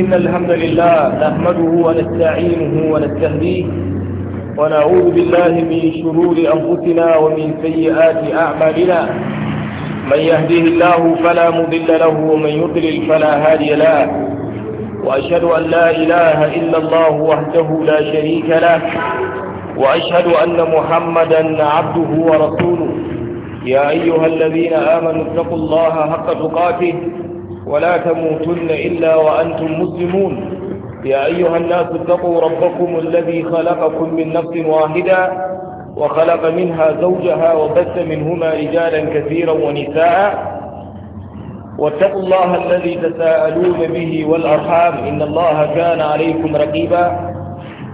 إن الحمد لله نحمده ونستعينه ونستهديه ونعوذ بالله من شرور أنفسنا ومن سيئات أعمالنا من يهديه الله فلا مضل له ومن يضلل فلا هادي له وأشهد أن لا إله إلا الله وحده لا شريك له وأشهد أن محمدا عبده ورسوله يا أيها الذين آمنوا اتقوا الله حق تقاته ولا تموتن إلا وأنتم مسلمون يا أيها الناس اتقوا ربكم الذي خلقكم من نفس واحدة وخلق منها زوجها وبث منهما رجالا كثيرا ونساء واتقوا الله الذي تساءلون به والأرحام إن الله كان عليكم رقيبا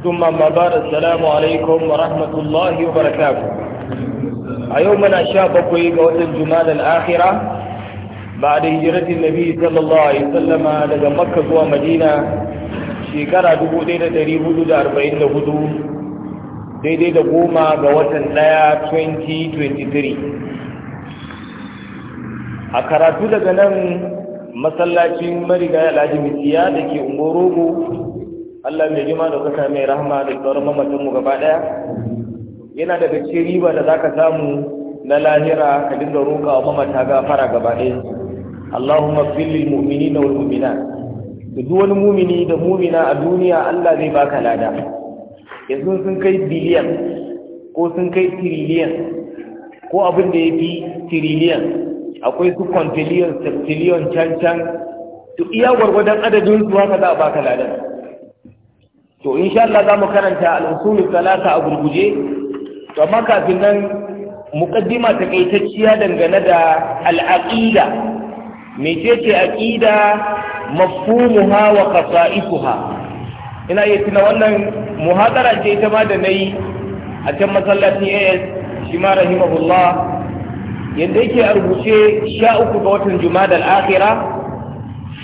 ثم ما بعد السلام عليكم ورحمة الله وبركاته أيومنا شابكوا قوة الجمال الآخرة بعد هجرة النبي صلى الله عليه وسلم لدى مكة ومدينة شكرا دبو دينا تريه دود أربعين لهدو daidai da goma ga watan daya 2023 a karatu daga nan masallacin mariga alhaji misiya da ke ungorogo allah mai jima da kuka mai rahama da tsoron mamacinmu gaba yana daga cikin riba da za ka samu na lahira ka dinga roƙa wa mamata gafara gaba Allahumma fil lil mu'minina wal mu'minat da duk wani mumini da mumina a duniya Allah zai baka lada yanzu sun kai biliyan ko sun kai tiriliyan ko abin da ya fi tiriliyan akwai su kwantiliyan septiliyan can can to iya gwargwadon adadin su haka za a baka lada. to insha Allah za mu karanta al'usulul talata a gurguje to amma kafin nan muqaddima takaitacciya dangane da al'aqida mecece hawa mafhumuha wa ha. ina iya tuna wannan muhadara ce ita ma da yi a can masallaci AS shi ma rahimahullah yadda yake a rubuce sha uku ga watan jumada al'akira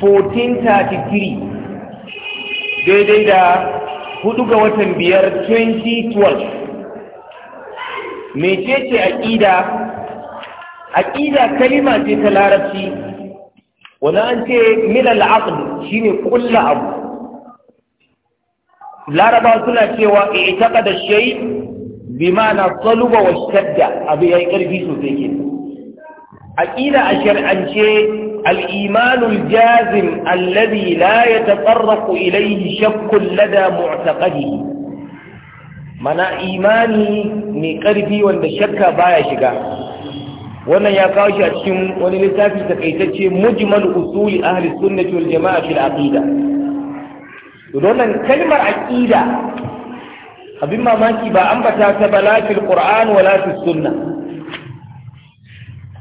1433 daidai da hudu ga watan biyar 2012 mecece aƙida aƙida kalima ce ta larabci wani an ce min al'aqd shine kulla abu laraba suna cewa i'taqada shay bi ma'ana taluba wa shadda abu yayi karfi sosai ke aqida a shar'ance الإيمان jazim الذي لا يتطرق إليه شك lada معتقده mana imani mai ƙarfi wanda shakka baya shiga wannan ya kawo shi a cikin wani littafi takaitacce mujmal usuli ahli sunnati wal jama'a fil aqida to wannan kalmar aqida abin mamaki ba ambata ta bala fil qur'an wala fis sunna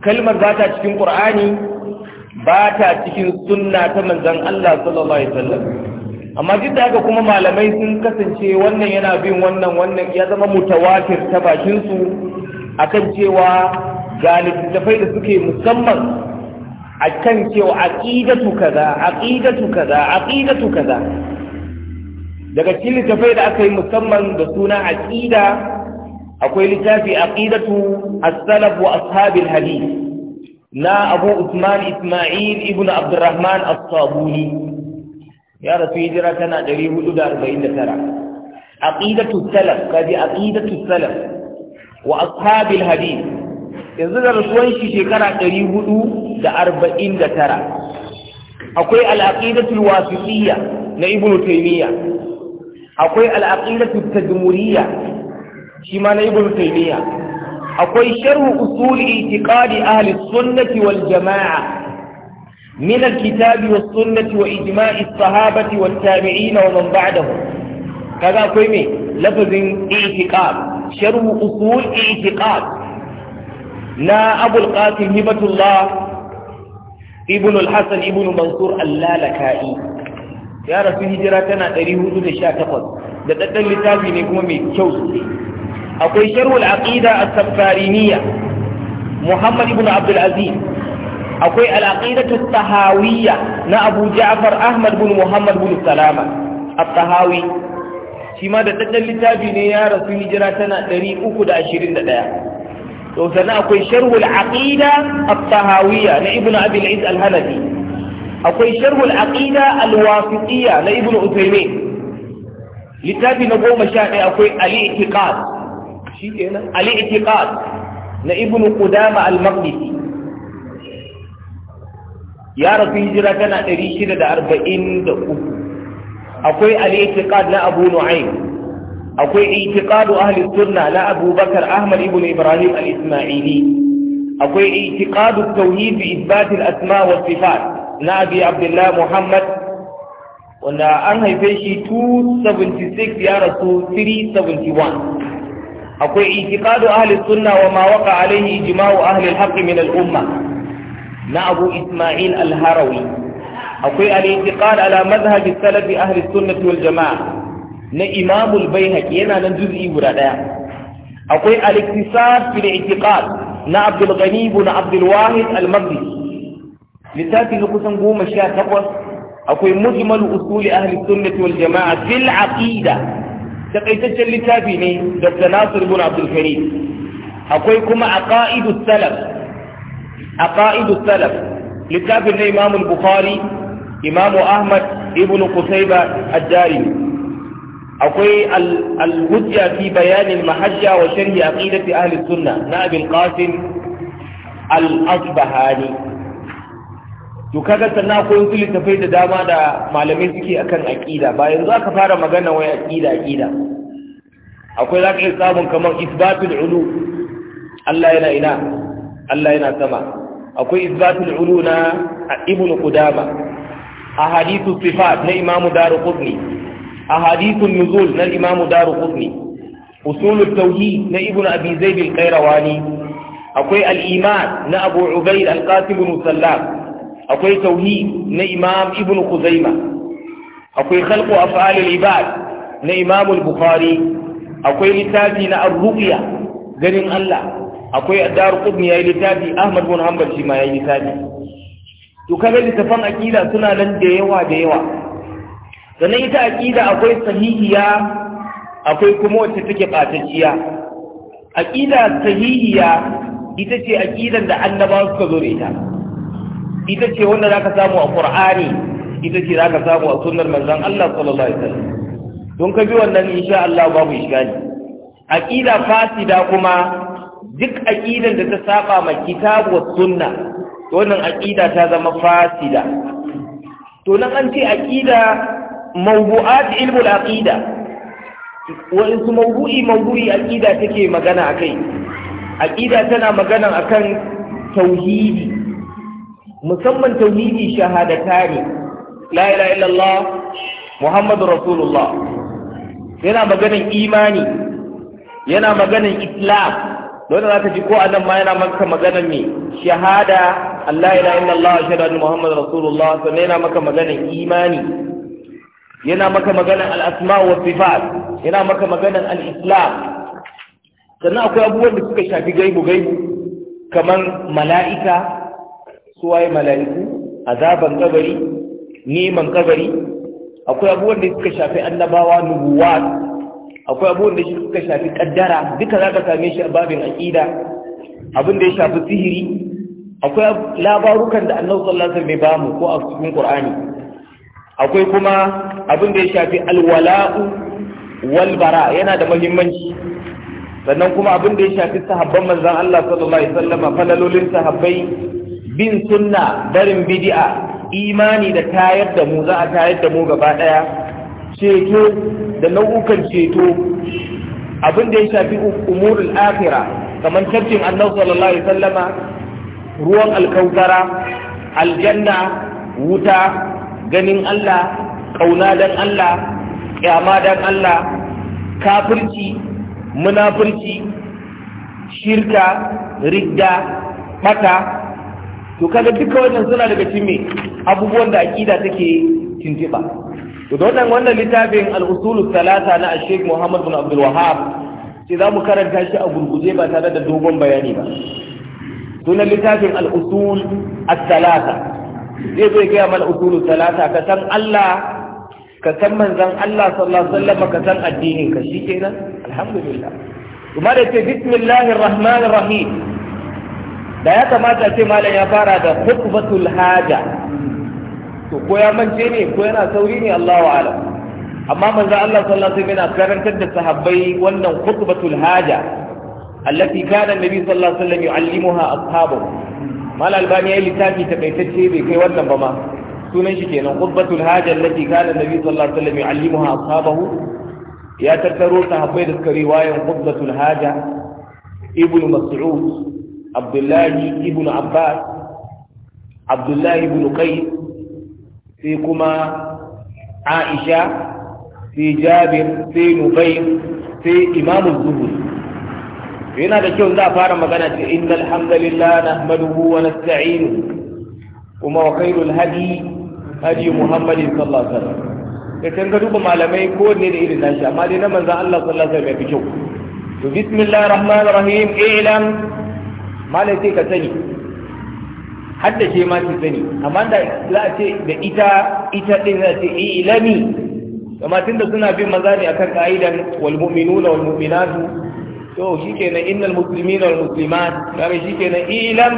kalmar ba ta cikin qur'ani ba ta cikin sunna ta manzon Allah sallallahu alaihi wasallam amma duk da haka kuma malamai sun kasance wannan yana bin wannan wannan ya zama mutawatir ta bakin su akan cewa ga littattafai da suke musamman a kan cewa aqidatu kaza aqidatu kaza aqidatu kaza daga cikin littattafai da aka yi musamman da suna aqida akwai littafi aqidatu as-salaf wa ashabil hadith na Abu Usman Ismail ibn Abdurrahman as-Sabuni ya rasu hijira tana 449 aqidatu salaf kaji aqidatu salaf wa ashabil hadith yanzu da rasuwan shi shekara ɗari hudu da arba'in da tara akwai al'aqidatul wasiƙiyya na ibn taymiya akwai al'aqidatul tadmuriyya shi ma na ibn taymiya akwai sharhu usul i'tiqadi ahli sunnati wal jama'a من الكتاب والسنة وإجماع الصحابة والتابعين ومن بعدهم akwai me لفظ اعتقاد sharhu أصول اعتقاد na abul qasim hibatullah ibn al-hasan ibn mansur al-lalaka'i ya rasu hijira tana 418 da daddan littafi ne kuma mai kyau akwai sharhul aqida as safariniya muhammad ibn abdul aziz akwai al-aqidatu tahawiyya na abu ja'far ahmad ibn muhammad ibn salama at-tahawi shi ma da daddan littafi ne ya rasu hijira tana 321 وثناء أقول شره العقيدة الطهاوية لابن أبي العز الهندي أقول شره العقيدة الواسطية لابن أثيمين لتابع نبو مشاعر أقول الاعتقاد الاعتقاد لابن قدام المغنسي يا رب هجرة كان أريشنا دا أربعين دقو أقول الاعتقاد لأبو نعيم akwai itiqadu ahli sunna na abubakar ahmad ibn ibrahim al-isma'ili akwai itiqadu tauhid bi isbat al-asma wa sifat na abi abdullah muhammad wanda an haife shi 276 ya rasu 371 akwai itiqadu ahli sunna wa ma waqa alayhi ijma'u ahli al-haqq min al-umma na abu isma'il al-harawi akwai al-itiqad ala madhhab salaf ahli sunnah wal jama'a na imamul baihaqi yana nan juz'i guda ɗaya. akwai al-iktisab fil i'tiqad na abdul ghani ibn abdul wahid al-maghdisi littafi na kusan goma sha takwas akwai mujmal usuli ahli sunnati wal jama'a fil aqida takaitaccen littafi ne dr nasir ibn abdul karim akwai kuma aqaidu salaf aqaidu salaf littafin na imamul bukhari imam ahmad ibn qusayba ad-darimi akwai al-hujja fi bayanin mahajja wa sharhi aqidati ahli sunna na abin qasim al-asbahani to kaga sannan akwai wasu littafai da dama da malamai suke akan aqida bayan za ka fara magana wai aqida aqida akwai zaka iya samun kamar isbatul ulu Allah yana ina Allah yana sama akwai isbatul ulu na ibn qudama ahadithu sifat na imamu daruqutni ahadithun nuzul na imamu daru qutni usulul tauhi na Ibn abi zaid al-qayrawani akwai al-iman na abu ubayd al-qasim bin sallam akwai tauhi na imam ibnu khuzaima akwai khalqu af'al al-ibad na imam al-bukhari akwai littafi na ar-ruqya ganin Allah akwai addaru qudni yayi littafi ahmad bin hanbal shi ma yayi littafi to kaga littafan suna nan da yawa da yawa sannan ita aƙida akwai sahihiya akwai kuma wacce take ɓatacciya aƙida sahihiya ita ce aƙidan da annabawa suka zo da ita ita ce wanda za ka samu a ƙur'ani ita ce za ka samu a sunnar manzon Allah sallallahu alaihi wasallam don ka bi wannan insha Allah babu ishgali aqida fasida kuma duk aqidan da ta saba ma kitabu was sunna to wannan aqida ta zama fasida to nan an ce aqida mawdu'at ilmu al-aqida wa'insu mawdu'i mawdu'i aqida take magana akai aqida tana magana akan tauhidi musamman tauhidi shahadatani la ilaha illallah muhammadur rasulullah yana maganan imani yana maganan islam don za ta ji ko a nan ma yana maka maganan me shahada Allah ila inna Allah shahada Muhammad Rasulullah sannan yana maka maganin imani yana maka maganan al'asma wa sifat yana maka maganan al'islam sannan akwai abubuwan da suka shafi gaibu gaibu kamar mala'ika suwaye mala'iku azaban kabari neman kabari akwai abubuwan da suka shafi annabawa nubuwa akwai abubuwan da suka shafi kaddara duka za ka same shi a babin aƙida abin da ya shafi sihiri akwai labarukan da annabi sallallahu alaihi wasallam bai bamu ko a cikin qur'ani akwai kuma abin da ya shafi alwala'u walbara yana da mahimmanci. sannan kuma abin da ya shafi sahabban manzon Allah sallallahu alaihi Sallama, falalolin sahabbai bin sunna barin bidi'a, imani da tayar da mu za a tayar da mu gaba daya ceto da nau'ukan ceto abin da ya shafi umurul akhirah kamar tafkin annabi sallallahu alaihi Sallama, ruwan alkautara aljanna wuta ganin Allah ƙauna dan Allah ƙyama dan Allah kafirci munafurci shirka rigda, ɓata, to kaga duka wannan suna daga cikin abubuwan da aqida take tintiba to da wannan wannan littafin al-usul na Sheikh Muhammad bin Abdul ce za mu karanta shi a gurguje ba tare da dogon bayani ba sunan littafin al-usul zai zo ya gaya mana ukulu talata ka san Allah ka san manzon Allah sallallahu alaihi wasallam ka san addinin ka shikenan alhamdulillah kuma da ce bismillahir rahmanir rahim da ya kamata ce malam ya fara da khutbatul haja to ko ya mance ne ko yana sauri ne Allahu a'lam amma manzon Allah sallallahu alaihi wasallam yana karantar da sahabbai wannan khutbatul haja allati kana nabi sallallahu alaihi wasallam yu'allimuha ashabahu mal albani ya yi littafi takaitacce bai kai wannan ba ma sunan shi kenan khutbatul haja allati kana nabi sallallahu alaihi wasallam yu'allimuha ashabahu ya tattaro sahabbai da suka riwayan khutbatul haja ibn mas'ud abdullahi ibn abbas abdullahi ibn qais sai kuma aisha sai jabir sai nubayr sai imamu zuhri yana da kyau za a fara magana ce innal na nahmaduhu wa nasta'inuhu kuma wa khairul hadi hadi muhammadin sallallahu da kan ga duba malamai ko ne da irin nashi amma dai na manzon Allah sallallahu alaihi fi kyau to bismillahir rahmanir rahim i'lam malai sai ka sani hadda ce ma ki sani amma da za a ce da ita ita din za a ce i'lami amma tunda suna bin maza ne akan ka'idan wal mu'minuna wal mu'minatu to shi kenan innal muslimin wal muslimat kare shi kenan ilam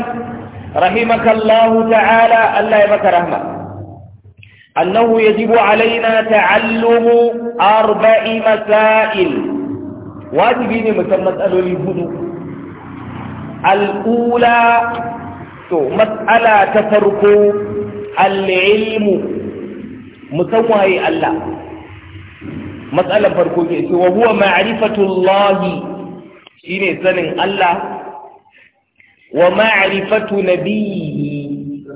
rahimakallahu ta'ala Allah ya maka rahma annahu yajibu alaina ta'allumu arba'i masail wajibi ne musan matsaloli hudu al'ula to mas'ala ta farko al'ilmu musan waye Allah matsalar farko ke ce wa huwa ma'rifatullahi shine sanin Allah wa ma'rifatu nabiyyi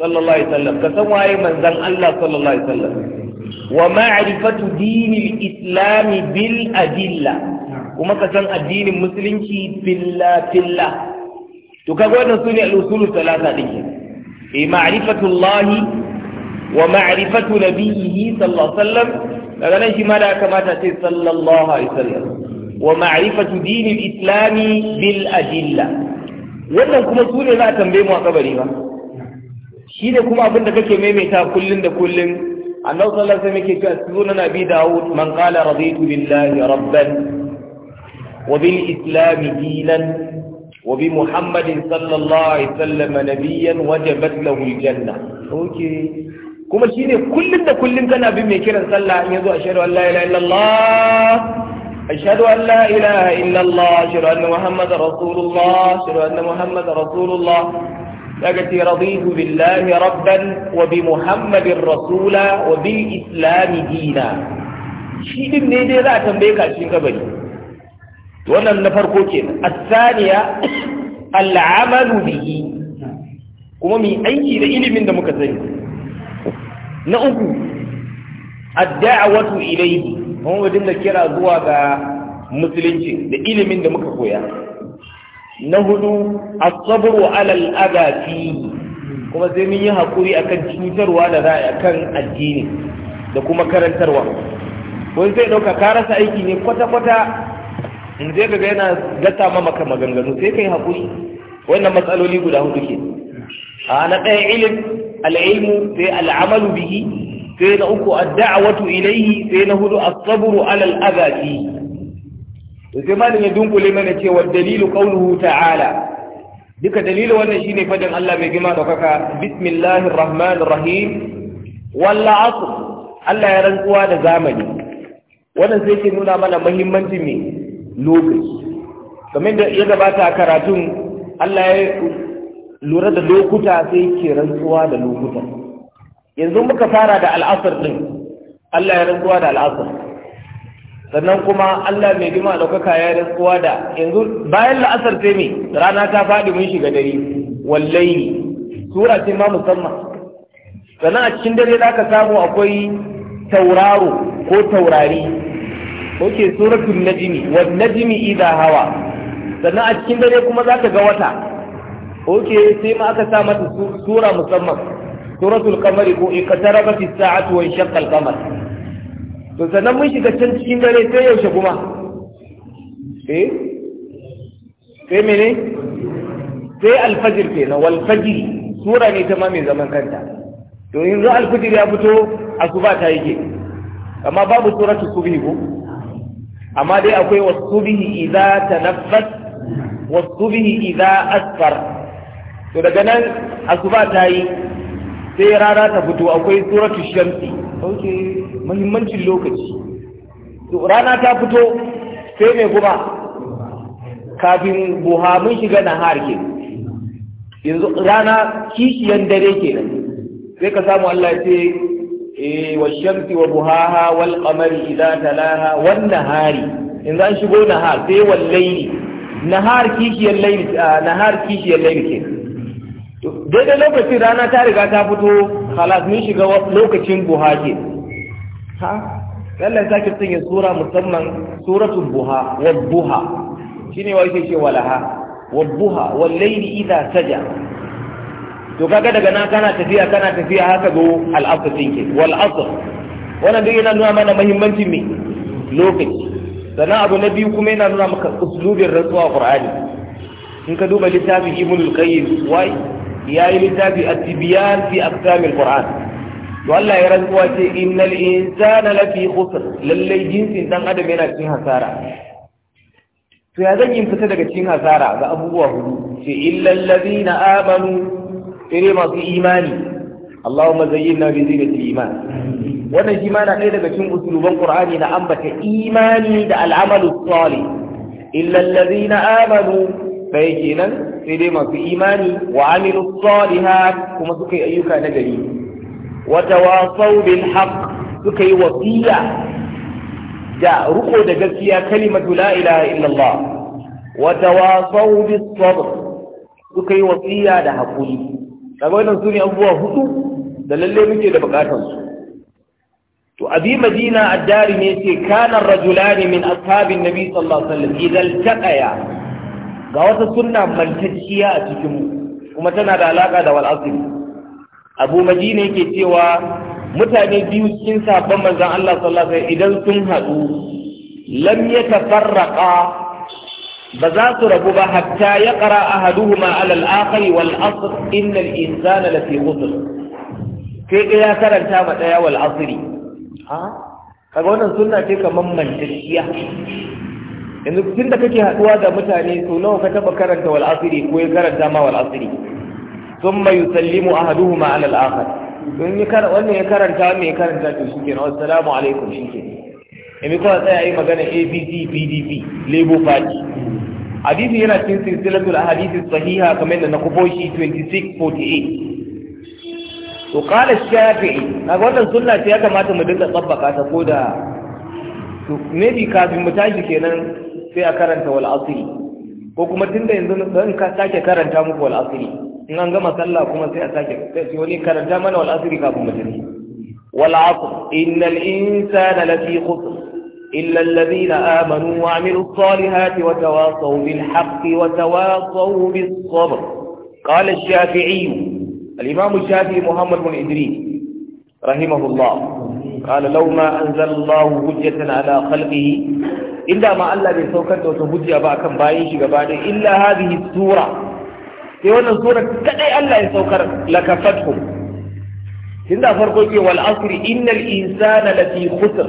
sallallahu alaihi wasallam ka san waye manzon Allah sallallahu alaihi wasallam wa ma'rifatu dinil islam bil adilla kuma ka san addinin musulunci billa billa to kaga wannan sune al-usulu talata din e ma'rifatu Allah wa ma'rifatu nabiyhi sallallahu alaihi wasallam daga nan shi ma da kamata sai sallallahu alaihi wasallam wa ma'rifatu dinil islami bil adilla wannan kuma su ne za a tambaye mu a kabari ba shi ne kuma abin da kake maimaita kullun da kullun annabi sallallahu alaihi wasallam yake cewa sunan nabi daud man qala raditu billahi rabban wa bil islam dinan wa bi muhammadin sallallahu alaihi wasallam nabiyyan wajabat lahu al janna okay kuma shi ne kullun da kullun kana bin mai kiran sallah in yazo ashhadu an la ilaha illallah أشهد أن لا إله إلا الله أشهد أن محمد رسول الله أشهد أن محمد رسول الله لقد رضيت بالله ربا وبمحمد رسولا وبإسلام دينا شيء من هذا لا تنبيك عشان كبير وانا نفرقه كنا الثانية العمل به وما من أي إلي من دمك زين نأقو الدعوة إليه kuma mu dinga kira zuwa ga musulunci da ilimin da muka koya na hudu as-sabru ala al kuma sai mun yi hakuri akan cutarwa da za kan addini da kuma karantarwa wani sai dauka ka rasa aiki ne kwata kwata in zai ga yana gata ma maka maganganu sai kai hakuri wannan matsaloli guda hudu ke a na ɗaya ilim al sai Al'amalu bihi sai na uku ad watu ilayhi sai na hudu as-sabru 'ala al-adati sai malamin ya dunkule mana cewa dalilu qawluhu ta'ala duka dalilu wannan shine fadin Allah mai girma daukaka bismillahir rahmanir rahim wal 'asr Allah ya rantsuwa da zamani wannan sai ke nuna mana muhimmancin me lokaci kamar da ya gabata a karatun Allah ya lura da lokuta sai ke rantsuwa da lokuta yanzu muka fara da al'asar din Allah ya rantsuwa da al'asar sannan kuma Allah mai girma ɗaukaka ya rantsuwa da yanzu bayan la'asar sai me rana ta faɗi mun shiga dare wallahi sura ce ma musamman sannan a cikin dare za ka samu akwai tauraro ko taurari oke suratul najmi wan najmi idha hawa sannan a cikin dare kuma za ka ga wata oke sai ma aka sa mata sura musamman suratul qamar ko ikatarabat as-sa'atu wa inshaqqa shan qamar to sannan mun shiga can cikin dare sai yaushe kuma eh sai mene sai alfajir fajr kenan wal fajr sura ne ta ma mai zaman kanta to in zo fajr ya fito asuba ta yake amma babu suratul subhi ko amma dai akwai wasubihi idza tanaffas wasubihi idza asfar to daga nan asuba ta yi sai rana ta fito akwai suratu shamsi ok muhimmancin lokaci to rana ta fito sai mai kuma kafin buha mun shiga na ke yanzu rana kishiyan dare ke nan, sai ka samu Allah ya ce e wa shamsi wa buhaha wal qamari idza talaha wan nahari yanzu an shigo nahar sai wal layli nahar kishiyan layli ah, nahar kishiyan layli kenan daidai lokacin rana ta riga ta fito halas mun shiga lokacin buha ke ha Allah sake sanya sura musamman suratul buha wal buha shine wai ke ce walaha wal buha wal layli idha saja to kaga daga nan kana tafiya kana tafiya haka go al asr tinke wal asr wannan duk yana nuna mana muhimmancin me lokaci sannan abu na biyu kuma yana nuna maka uslubin rantsuwa qur'ani in ka duba littafin ibnul qayyim wai ya yi littafi a tibiyan fi aksamin qur'an to Allah ya rantsuwa ce innal insana lafi khusr lallai jinsin dan adam yana cikin hasara to ya zan yi fita daga cikin hasara ga abubuwa hudu ce illal ladina amanu sai masu imani Allahumma zayyinna bi zinatil iman wannan shi ma na ɗaya daga cikin usuluban Qur'ani na ambata imani da al'amalu salih illal ladina amanu ɗaya kenan sai dai masu imani wa amilu salihat kuma suka yi ayyuka na gari Wata tawasau bil haqq suka yi wasiya da ruko da gaskiya kalimatu la ilaha illallah Wata tawasau bis sabr suka yi wasiya da hakuri kaga wannan sune abubuwa hudu da lalle muke da bukatar su to abi madina addari ne ce kana rajulani min ashabin nabi sallallahu alaihi wasallam idan taqaya ga wata suna mantacciya a cikinmu kuma tana da alaƙa da wal'asiri abu madina yake cewa mutane biyu cikin sabon manzan Allah sallallahu alaihi idan sun haɗu lam yatafarraqa ba za su rabu ba hatta ya qara ahaduhuma ala al-akhari wal asr inna al-insana la fi khusr kai ga ya karanta ma daya wal asri ha kaga wannan sunna ce kaman mantacciya yanzu tun da kake haɗuwa da mutane to nawa ka taɓa karanta wal asiri ko ya karanta ma wal asiri thumma yusallimu ahaduhuma ala al-akhar don ya karanta wannan ya karanta wannan ya karanta to shikenan assalamu alaikum shikenan yanzu ko sai yi magana abc pdp labour party hadisi yana cikin silsilatul ahadisi sahiha kamar da na kufo shi 2648 to qala shafi'i na wannan sunna ce ya kamata mu dinga tsabbaka ta ko da to maybe kafin mu tashi kenan sai a karanta wal asri ko kuma tunda yanzu in ka sake karanta muku wal asri in an gama sallah kuma sai a sake sai wani karanta mana wal asri kafin mutane wal asr innal insana lafi khusr illa alladhina amanu wa amilu salihati wa tawasaw bil haqqi wa tawasaw bis sabr qala ash-shafi'i al-imam ash-shafi'i muhammad bin idris rahimahullah قال لو ما أنزل الله هجة على خلقه inda ma Allah bai saukar da wata hujja ba akan bayan shi gaba ɗaya illa hadhihi sura sai wannan sura kadai Allah ya saukar lakafatkum inda farko ke wal asri innal insana lafi khusr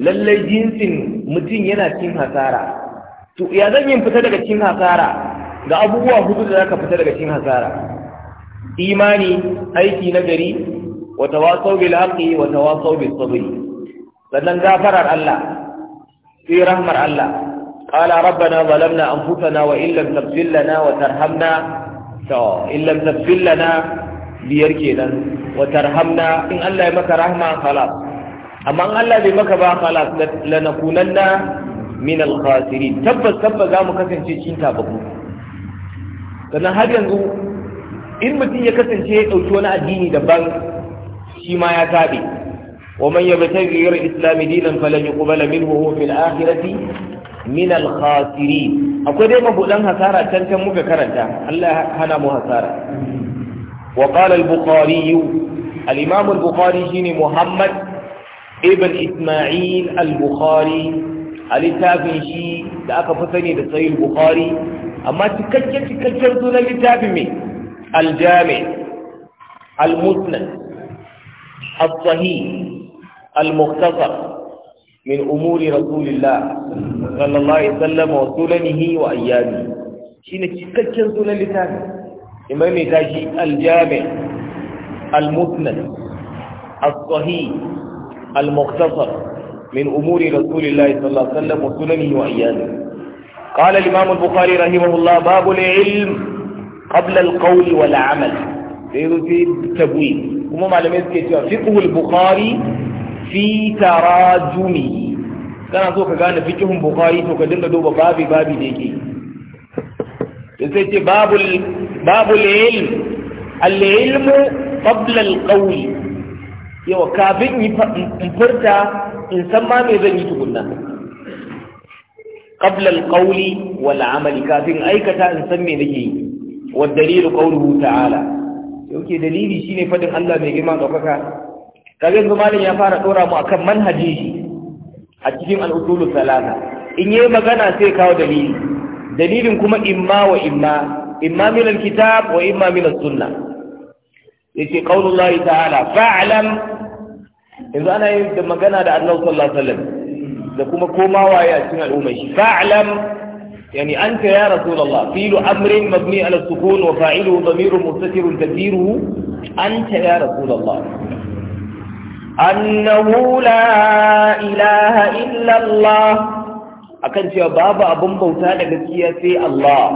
lalle jinsin mutum yana cin hasara to ya zan yin fita daga cin hasara ga abubuwa hudu da zaka fita daga cin hasara imani aiki na gari wa tawasau bil haqqi wa tawasau bis sabr sannan gafarar Allah في رحمة الله قال ربنا ظلمنا أنفسنا وإن لم تغفر لنا وترحمنا إن لم تغفر لنا biyar kenan wa tarhamna in Allah ya maka rahma khalas amma in Allah bai maka ba khalas lanakunanna min al-khasirin tabbas tabbas zamu kasance cikin tabaku sannan har yanzu in mutum ya kasance ya wani addini daban shi ma ya tabe ومن يبتغي غير الإسلام دينا فلن يقبل منه وهو في الآخرة من الخاسرين أقول دائما بؤلان هسارة تنتم مكرنتا الله هنا مهسارة وقال البخاري الإمام البخاري جين محمد ابن إسماعيل البخاري littafin shi da aka fi sani da sahih bukhari amma cikakken cikakken sunan littafin الجامع aljami الصحيح المختصر من أمور رسول الله صلى الله عليه وسلم وسننه وأيامه شين تكتشن سنن لسان إمام تاشي الجامع المسند الصحيح المختصر من أمور رسول الله صلى الله عليه وسلم وسننه وأيامه قال الإمام البخاري رحمه الله باب العلم قبل القول والعمل في zo sai tabwi kuma malamai suke fi tarajumi kana so ka gane fikihun bukhari to ka dinga duba babi babi da yake sai ce babul babul ilm al ilmu qabla al qawl yawa kafin in furta in san ma me zan yi tukunna qabla al qawli wal amali kafin aikata in san me nake yi wa dalilu qawluhu ta'ala yauke dalili shine fadin Allah mai girma daukaka kaga yanzu malam ya fara dora mu akan manhaji a cikin al'udulu salata in yi magana sai kawo dalili dalilin kuma imma wa imma imma min alkitab wa imma min as-sunna yace qaulullahi ta'ala fa'lam yanzu ana yin da magana da Allah sallallahu alaihi da kuma komawa ya cikin al'umma shi fa'lam yani anta ya rasulullah fi'lu amrin mabni ala sukun wa fa'iluhu dhamirun mustatirun tadbiruhu anta ya rasulullah annahu la ilaha illa Allah akan cewa babu abun bauta da gaskiya sai Allah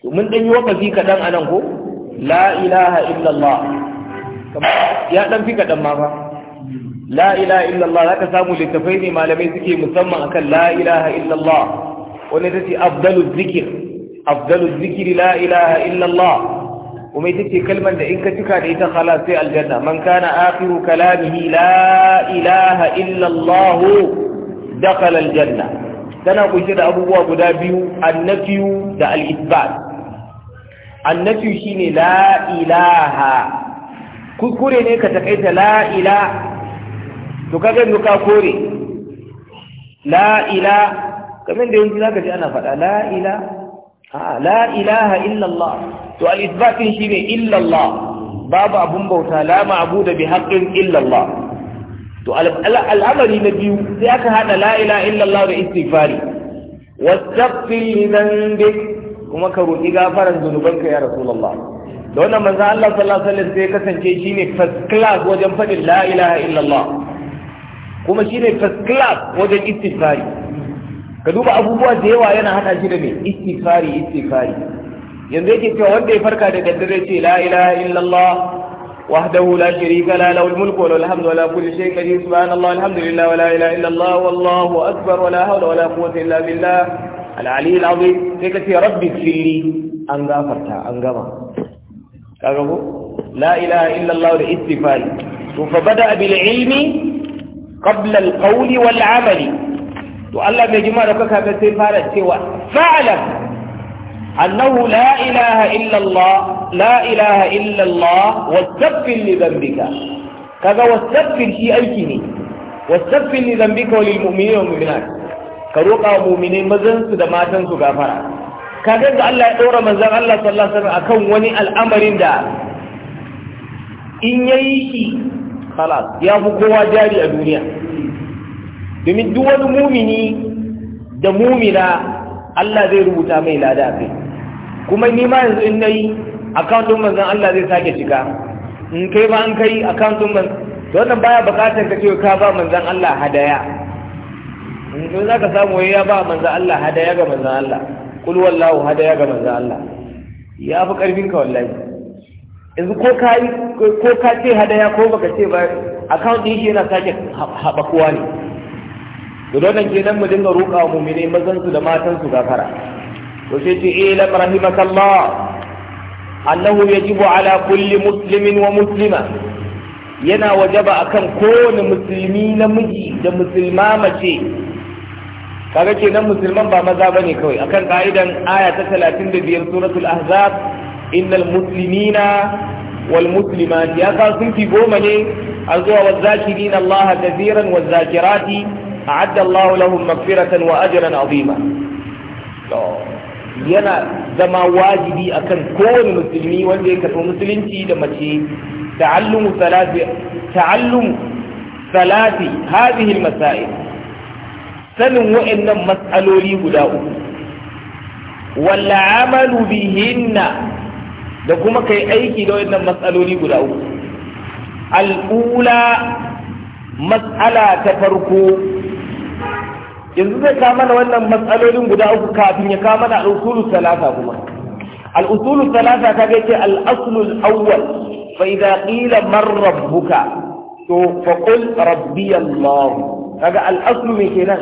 to mun dan yi wakafi kaɗan a nan ko la ilaha illa Allah ya dan fi kaɗan ma fa la ilaha illa Allah zaka samu littafai ne malamai suke musamman akan la ilaha illa Allah wani ta ce afdalul zikir afdalul zikir la ilaha illa Allah kuma ita ce kalmar da in ka cika da ita khala sai aljanna man kana akhiru kalamihi la ilaha illa Allah dakhala aljanna tana kunshe da abubuwa guda biyu annafiyu da al-isbat annafiyu shine la ilaha kuskure ne ka takaita la ila to kaga duka kore la ila kamar da yanzu zaka ji ana faɗa la ila Ah, la ilaha illallah to al-isbatin shine illallah babu abun bauta la ma'budu bi haqqin illallah to al'amari na biyu sai aka hada la ilaha illallah da istighfari wastaghfir li dhanbik kuma ka roki gafaran zunubanka ya rasulullah da wannan manzo Allah sallallahu alaihi wasallam sai kasance shine first class wajen faɗin la ilaha illallah kuma shine first class wajen istighfari ka duba abubuwa da yawa yana hada shi da mai istighfari istighfari yanzu yake cewa wanda ya farka da daddare ce la ilaha illallah وحده لا شريك له له الملك وله الحمد ولا كل شيء قدير سبحان الله الحمد لله ولا اله الا الله والله اكبر ولا حول ولا قوه الا بالله العلي العظيم rabbi fili an gafarta an gama kaga ko la ilaha illa da istighfar to bada ilmi qabla al wal amali to Allah mai jima da kuka ga sai fara cewa fa'alam annahu la ilaha illa Allah la ilaha illa Allah wastaghfir li dhanbika kaga wastaghfir shi aiki ne wastaghfir li dhanbika wa lil mu'minina wal mu'minat ka roƙa mu'minai mazan su da matan su gafara kaga da Allah ya daura manzon Allah sallallahu alaihi wasallam akan wani al'amarin da in yayi shi khalas ya fi kowa jari a duniya domin duk wani mumini da mumina Allah zai rubuta mai lada kai kuma ni ma yanzu in nayi account din manzon Allah zai sake shiga in kai ba an kai account din to wannan baya bukatar ka ce ka ba manzon Allah hadaya in za ka samu ya ba manzon Allah hadaya ga manzon Allah kul wallahu hadaya ga manzon Allah ya fi karfin ka wallahi yanzu ko ka ko ka ce hadaya ko baka ce ba account din shi yana sake haɓakuwa ne da dole kenan mu dinga roƙa mu mene mazan su da matan su gafara to sai ce eh la rahimakallah annahu yajibu ala kulli muslimin wa muslima yana wajaba akan kowane musulmi namiji da musulma mace kaga kenan musulman ba maza bane kawai akan ka'idan aya ta 35 suratul ahzab innal muslimina wal muslimat ya ka sun fi goma ne a zuwa wazzakirina Allah kathiran wazzakirati أعد الله لهم مغفرة وأجرا عظيما yana zama wajibi akan kowane musulmi wanda ya karɓi musulunci da mace ta'allumu salati ta'allumu salati hadhihi al-masail sanin mas'aloli guda uku walla bihinna da kuma kai aiki da wa'annan mas'aloli guda uku mas'ala ta farko yanzu zai kawo mana wannan matsalolin guda uku kafin ya kama mana al'usulu talata kuma al'usulu talata ta ga ce al'asulul awwal fa idza qila man rabbuka to fa qul rabbi allah kaga al'aslu me kenan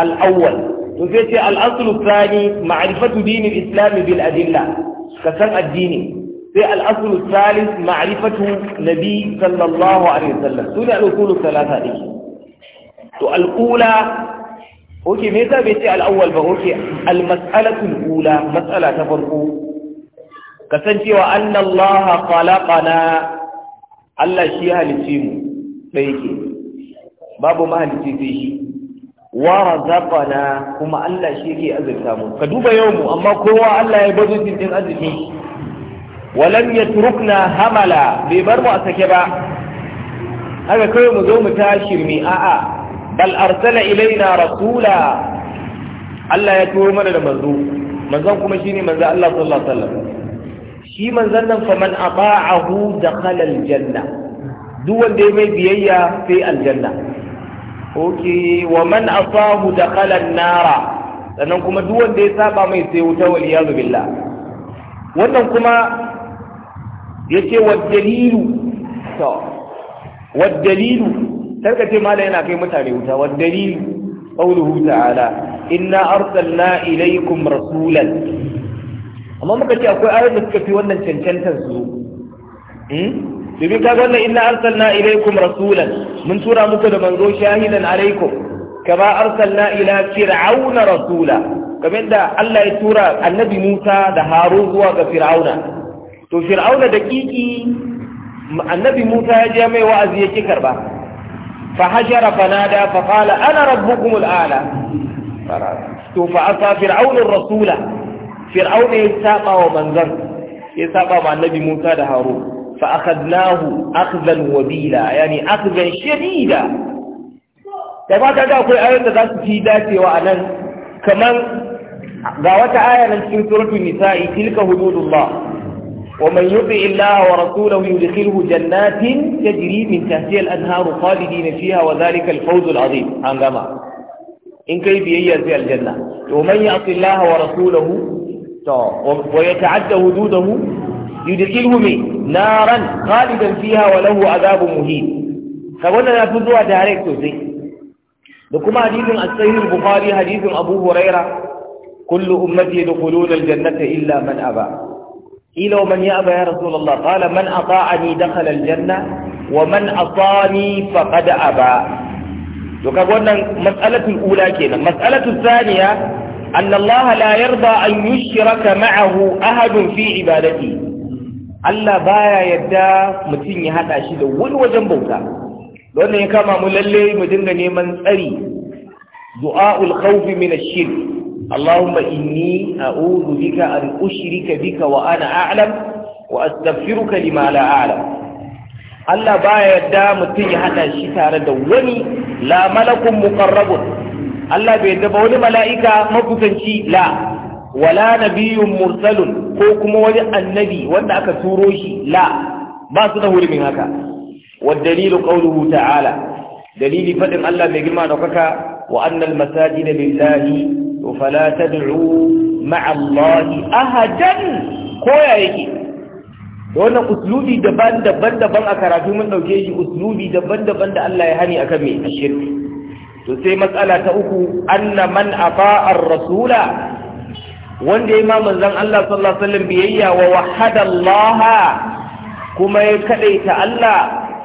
al'awwal to sai ce al'aslu thani ma'rifatu dinil islam bil adilla ka san addini sai al'aslu thalith ma'rifatu nabi sallallahu alaihi wasallam sune al'usulu talata dake to al'ula oke me yasa bai ce al'awwal ba oke al-mas'alatul ula mas'ala ta farko kasancewa anna Allah khalaqana Allah shi halice mu da ke. babu mahalici sai shi wa razaqana kuma Allah shi yake azurta mu ka duba yau mu amma kowa Allah ya bazu cikin arziki walam yatrukna hamala bai bar mu a sake ba haka kai mu zo mu tashi mi a'a bal arsala ilaina rasula Allah ya turo mana da manzo manzon kuma shine manzo Allah sallallahu shi manzon nan fa man ata'ahu dakhala aljanna duk wanda ya mai biyayya sai aljanna okay wa man asahu dakhala an-nara sannan kuma duk wanda ya saba mai sai wuta wannan kuma yace wa wa dalilu karka ce mala yana kai mutane wuta wa dalil qawluhu ta'ala inna arsalna ilaykum rasulan amma muka ce akwai ayoyin da suka fi wannan cancantar su hmm domin kaga wannan inna arsalna ilaykum rasulan mun tura muku da manzo shahidan alaikum kama arsalna ila fir'auna rasula kamar da Allah ya tura annabi Musa da Harun zuwa ga fir'auna to fir'auna da kiki annabi Musa ya je mai wa'azi yake karba فهجر فنادى فقال أنا ربكم الأعلى فعصى فرعون الرسول فرعون يساقى ومنظر يساقى مع النبي موسى هارون فأخذناه أخذا وبيلا يعني أخذا شديدا كما تجد أقول آية ذات في ذاتي وأنا كمان ga wata aya nan cikin suratul nisa'i tilka hududullah ومن يطع الله ورسوله يدخله جنات تجري من تحتها الانهار خالدين فيها وذلك الفوز العظيم هنجما ان كيف يجزي الجنه ومن يعص الله ورسوله ويتعدى حدوده يدخله نارا خالدا فيها وله عذاب مهين فقلنا لا تزوى داريك تزي لكما حديث الصحيح البخاري حديث ابو هريره كل امتي يدخلون الجنه الا من ابى ila man ya aba ya rasulullah qala man ata'ani dakhala aljanna wa man asani faqad aba to kaga wannan mas'alatul ula kenan mas'alatul thaniya anna Allah la yarda an yushraka ma'ahu ahadun fi ibadati Allah baya yadda mutum ya haɗa shi da wani wajen bauta don ya kama mu lalle mu dinga neman tsari du'aul khawf min ash اللهم إني أعوذ بك أن أشرك بك وأنا أعلم وأستغفرك لما لا أعلم Allah baya yadda mutum ya haɗa shi tare da wani la malakun muqarrabun Allah bai yadda ba wani mala'ika makusanci la wala nabiyyun mursalun ko kuma wani annabi wanda aka turo shi la ba su da hurumin haka wa dalilu qawluhu ta'ala dalili fadin Allah mai girma da kaka wa annal masajida lillahi to fala tad'u ma'a Allahi ahadan ko ya yake wannan uslubi daban-daban daban a karatu mun dauke shi uslubi daban-daban da Allah ya hani akan mai shirki to sai matsala ta uku anna man afa'a rasula wanda ya ma zan Allah sallallahu alaihi wasallam biyayya wa wahada Allah kuma ya kadaita Allah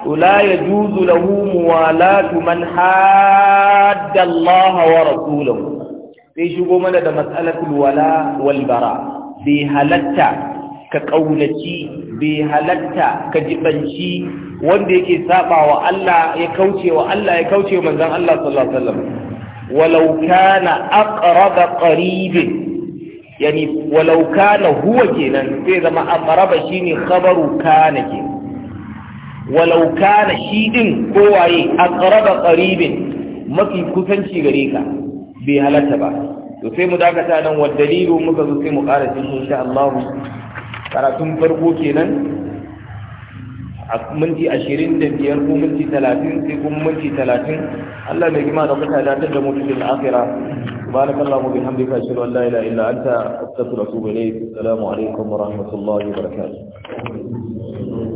to la yajuzu lahu muwalatu man hadda Allah wa rasulahu sai shigo mana da mas'alatul wala wal bara bai halatta ka kaulaci bai halatta ka jibanci wanda yake saba wa Allah ya kauce wa Allah ya kauce manzon Allah sallallahu alaihi wasallam walau kana aqrab qarib yani walau kana huwa kenan sai zama aqrab shine khabaru kana kenan walau kana shi din kowaye aqrab qarib mafi kusanci gare ka bai halatta ba to sai mu dakata nan wa dalilu muka zo sai mu ƙara cin insha Allah karatun farko kenan a minti ashirin da biyar ko minti talatin sai kuma minti talatin Allah mai gima da kuka datar da mutum da akira subhanak Allahumma bihamdika ashhadu an la ilaha illa anta astaghfiruka wa atubu ilayk assalamu alaikum wa rahmatullahi wa barakatuh